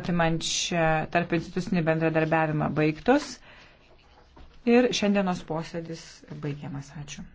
apimančią tarp institucinį bendradarbiavimą baigtos. Ir šiandienos posėdis baigiamas. Ačiū.